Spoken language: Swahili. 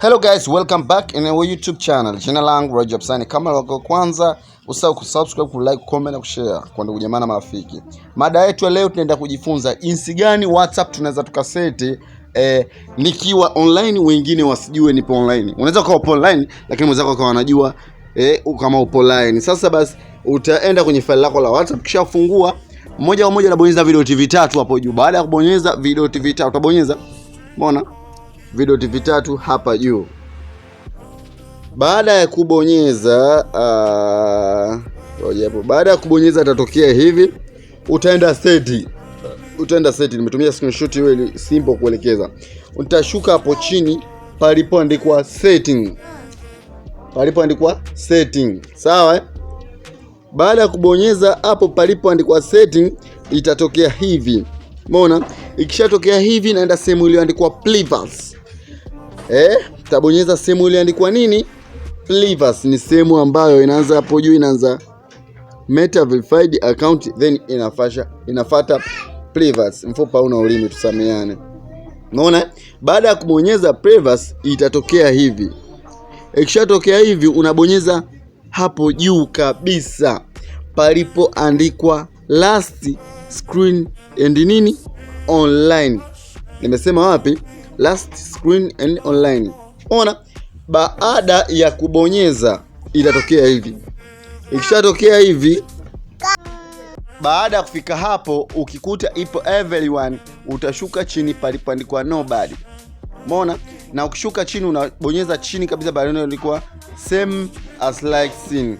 Hello guys, welcome back in our YouTube channel. Jina langu Rajab Sani. Kama wako kwanza, usahau kusubscribe, ku like, comment na kushare kwa ndugu jamaa na marafiki. Mada yetu leo tunaenda kujifunza jinsi gani WhatsApp tunaweza tukaseti eh, nikiwa online wengine wasijue nipo online. Unaweza kuwa upo online lakini mwenzako akawa anajua eh, kama upo online. Sasa basi utaenda kwenye faili lako la WhatsApp kisha fungua moja kwa moja unabonyeza tv vitatu hapo juu. Baada ya kubonyeza video tv vitatu utabonyeza. Mbona? vidoti vitatu hapa juu. Baada ya kubonyeza uh, hapo, baada ya kubonyeza itatokea hivi, utaenda seti, utaenda seti. Nimetumia screenshot hiyo ili simple kuelekeza. Utashuka hapo chini palipoandikwa setting, palipoandikwa setting, sawa eh? Baada ya kubonyeza hapo palipoandikwa setting itatokea hivi, umeona. Ikishatokea hivi, naenda sehemu iliyoandikwa plivas eh, tabonyeza sehemu iliandikwa nini? flavors. ni sehemu ambayo inaanza hapo juu, inaanza Meta verified account then inafasha inafuata flavors. Mfupa una ulimi tusameane. Unaona? Baada ya kubonyeza flavors itatokea hivi. Ikishatokea hivi unabonyeza hapo juu kabisa palipoandikwa last screen and nini online. Nimesema wapi? last screen and online. Ona, baada ya kubonyeza itatokea hivi. Ikishatokea hivi, baada ya kufika hapo, ukikuta ipo everyone, utashuka chini palipoandikwa nobody. mona Na ukishuka chini unabonyeza chini kabisa, ya ilikuwa same as like scene.